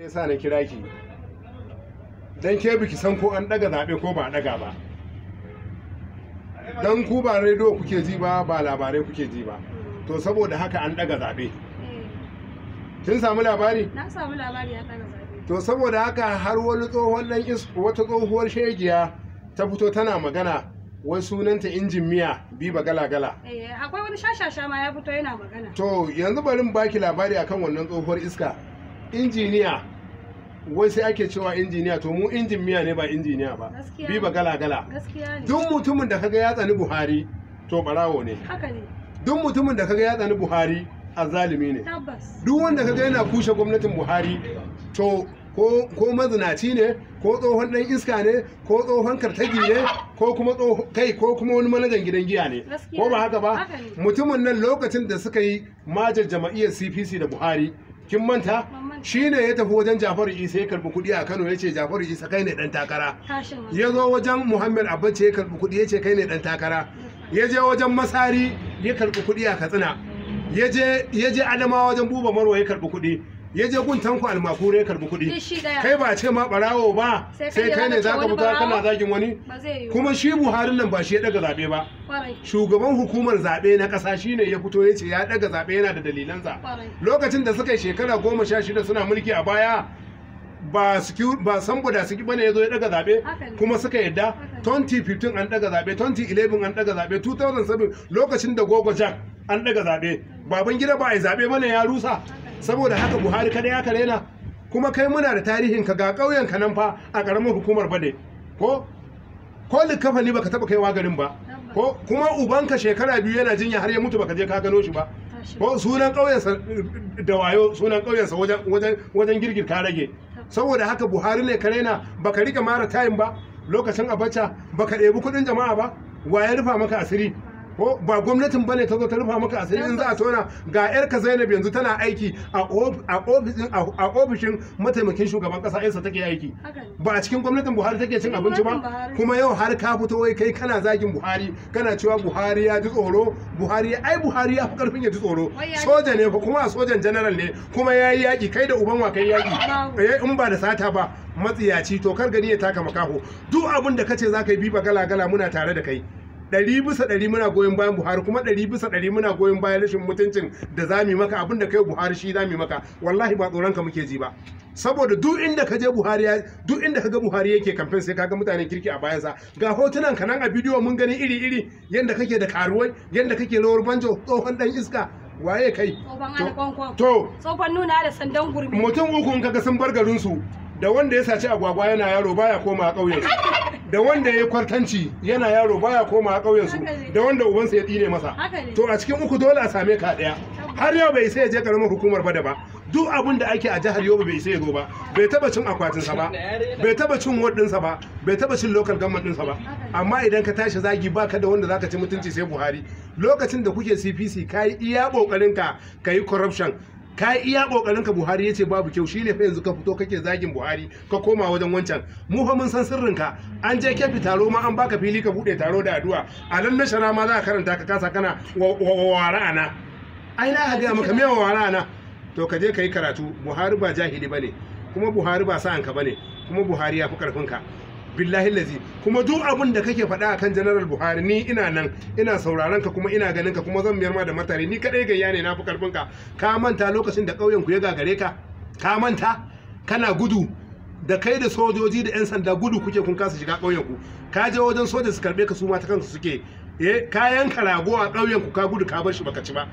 ya sa na kira ki don ke biki san ko an daga zaɓe ko ba daga ba don ku ba rediyo kuke ji ba ba labarai kuke ji ba to saboda haka an daga zaɓe eh. kin samu labari na samu labari ya daga zaɓe to saboda haka har wani tsohon dan wata tsohuwar shegiya ta fito tana magana wai sunanta injin miya bi ba gala-gala. Eh, akwai wani shashasha ma ya fito yana magana to yanzu bari mu baki labari akan wannan tsohuwar iska injiniya wai sai ake cewa injiniya to mu injin miya ne ba injiniya ba bi ba gala gala duk mutumin da kaga ya tsani buhari to barawo ne duk mutumin da kaga ya tsani buhari zalimi ne duk wanda kaga yana kushe gwamnatin buhari to ko mazinaci ne ko tsohon dan iska ne ko tsohon kartagi ne ko kuma kai ko kuma wani manajan gidan giya ne ko ba haka ba mutumin nan lokacin da suka yi majal jama'iyyar cpc da buhari kin manta shi ne ya tafi wajen jafaru isa ya karbi kuɗi a kano ya ce jafaru isa kai ne dan takara ya zo wajen muhammad abbace ya karbi kuɗi ya ce kai ne dan takara ya je wajen masari ya karbi kuɗi a katsina ya je adamawa wajen buba marwa ya karbi kuɗi ya je gun tanko almakure ya karbi kuɗi kai ba a ce ma barawo ba sai kai ne za ka fito kana zagin wani kuma shi buhari nan ba shi ya daga zaɓe ba shugaban hukumar zaɓe na ƙasa shi ne ya fito ya ce ya daga zaɓe yana da dalilansa lokacin da suka shekara goma sha shida suna mulki a baya ba ba sambo da suki bane yazo ya daga zabe kuma suka yadda 2015 an daga zabe 2011 an daga zabe 2007 lokacin da gogo jack an daga zabe baban gida ba a zabe bane ya rusa saboda haka buhari kada ya karena kuma kai muna da tarihin ka ga ƙauyenka ka nan fa a ƙaramin hukumar bade ko ko likafani baka taba kaiwa garin ba ko kuma ubanka shekara biyu yana jinya har ya mutu baka je ka gano shi ba ko sunan ƙauyensa da wayo sunan ƙauyensa wajen girgir ka rage saboda haka buhari ne karena baka rika mara tayin ba lokacin abacha baka ɗebi kuɗin jama'a ba wa ya rufa maka asiri ba gwamnatin bane ta zo ta rufa maka asiri in za a tona ga 'yarka Zainab yanzu tana aiki a ofishin mataimakin shugaban kasa yansa take aiki ba a cikin gwamnatin Buhari take cin abinci ba kuma yau har ka fito wai kai kana zagin Buhari kana cewa Buhari ya ji tsoro Buhari ai Buhari ya fi karfin ya ji tsoro soja ne fa kuma sojan general ne kuma yayi yaki kai da uban wa kai yaki eh, in ba da sata ba matsiyaci to kar gani ya taka makaho duk abin da kace zaka yi bi gala gala muna tare da kai ɗari bisa ɗari muna goyon bayan buhari kuma ɗari bisa ɗari muna goyon bayan rashin mutuncin da za mu maka abinda kai buhari shi za mu maka wallahi ba tsoron ka muke ji ba saboda duk inda ka je buhari ya duk inda kaga buhari yake kamfen sai kaga mutanen kirki a bayansa ga hotunan ka nan a bidiyo mun gani iri iri yanda kake da karuwai yanda kake rawar banjo tsohon dan iska waye kai to tsohon nuna da sandan gurbi mutum uku in kaga sun bar garin su da wanda ya sace agwagwa yana yaro baya koma a ƙauyen da wanda ya yi kwartanci yana yaro baya koma a su da wanda ubansa ya tsine masa to a cikin uku dole a same ka ɗaya har yau bai sai ya je karamar hukumar ba da ba duk abin da ake a jihar yobe bai sai ya zo ba bai taba cin akwatin sa ba bai taba cin ward ɗinsa ba bai taba cin local government sa ba amma idan ka tashi zagi baka da wanda zaka ci mutunci sai buhari lokacin da kuke cpc ka yi iya kokarin ka yi corruption ka yi iya kokarin ka Buhari yace babu kyau shine fa yanzu ka fito kake zagin Buhari ka koma wajen wancan mu fa mun san sirrin ka an je kefi taro ma an baka fili ka bude taro da addu'a a nan na shara ma za ka karanta ka kasa kana wara ana ai na ga maka me wara ana to ka je ka yi karatu Buhari ba jahili bane kuma Buhari ba sa'an ka bane kuma Buhari ya fi karfin ka billahi lazi kuma duk abin da kake faɗa kan janaral buhari ni ina nan ina sauraron ka kuma ina ganin ka kuma zan biyar ma da matare ni kadai gayya ne na fi karfin ka ka manta lokacin da ƙauyen ku ya gagare ka ka manta kana gudu da kai da sojoji da yan sanda gudu kuke kun kasa shiga ƙauyen ku ka je wajen soja su karbe ka su ma ta kansu suke eh kayan ka rago a ƙauyen ku ka gudu ka bar shi baka ci ba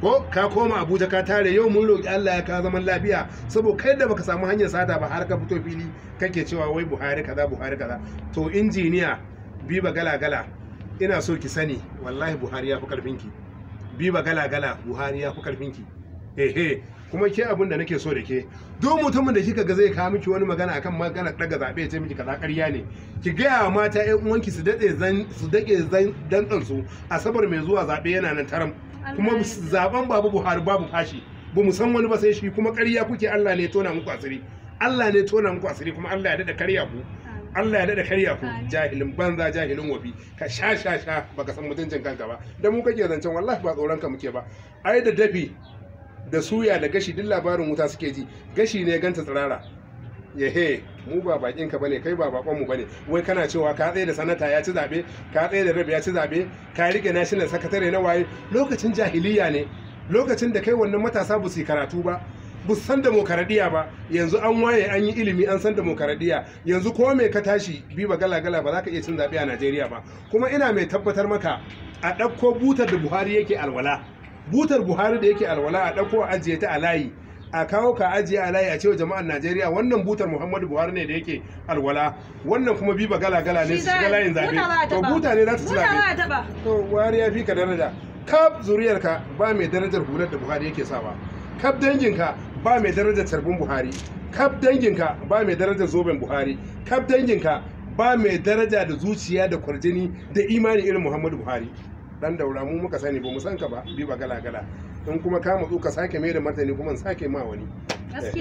ko ka koma abuja ka tare yau mun roƙi allah ya ka zaman lafiya saboda kai da baka samu hanyar sata ba har ka fito fili kake cewa wai buhari kaza buhari kaza to injiniya biba gala gala ina so ki sani wallahi buhari ya fi karfinki biba gala gala buhari ya fi karfinki ehe kuma ke abin da nake so da ke duk mutumin da kika ga zai kawo miki wani magana akan magana daga zabe ya ce miki kaza ƙarya ne ki gaya wa mata ƴan uwanki su dade zan su dake zan dantsan su asabar mai zuwa zabe yana nan taram kuma zaben babu buhari babu fashi ba mu san wani ba sai shi kuma karya kuke Allah ne tona muku asiri Allah ne tona muku asiri kuma Allah ya dada karya ku Allah ya dada karya ku jahilin banza jahilin wafi ka sha sha sha baka san mutuncin kanka ba da mu kake zancen wallahi ba tsoron ka muke ba ai da dafi da suya da gashi duk labarin wuta suke ji gashi ne ganta tsirara he mu ba bakin ka bane kai ba bakon mu bane wai kana cewa ka tsaye da sanata ya ci zabe ka tsaye da rabi ya ci zabe ka rike national sakatare na waye lokacin jahiliya ne lokacin da kai wannan matasa bu su karatu ba bu san demokaradiyya ba yanzu an waye an yi ilimi an san demokaradiyya yanzu ko mai ka tashi bi ba gala gala ba za ka iya cin zabe a Najeriya ba kuma ina mai tabbatar maka a ɗauko butar da Buhari yake alwala butar Buhari da yake alwala a ɗauko ajiye ta a layi a kawo ka ajiye a layi a cewa jama'ar najeriya wannan butar muhammadu buhari ne da yake alwala wannan kuma biba gala gala ne su shiga layin zabe to buta ne za su zabe to wari ya fi ka daraja kaf ka ba mai darajar hular da buhari yake sawa kaf dangin ka ba mai darajar tarbin buhari kaf dangin ka ba mai darajar zoben buhari kaf dangin ka ba mai daraja da zuciya da kwarjini da imani irin muhammadu buhari dan daura mu muka sani ba mu san ka ba biba gala gala in kuma ka matsu ka sake mai da martani kuma sake ma wani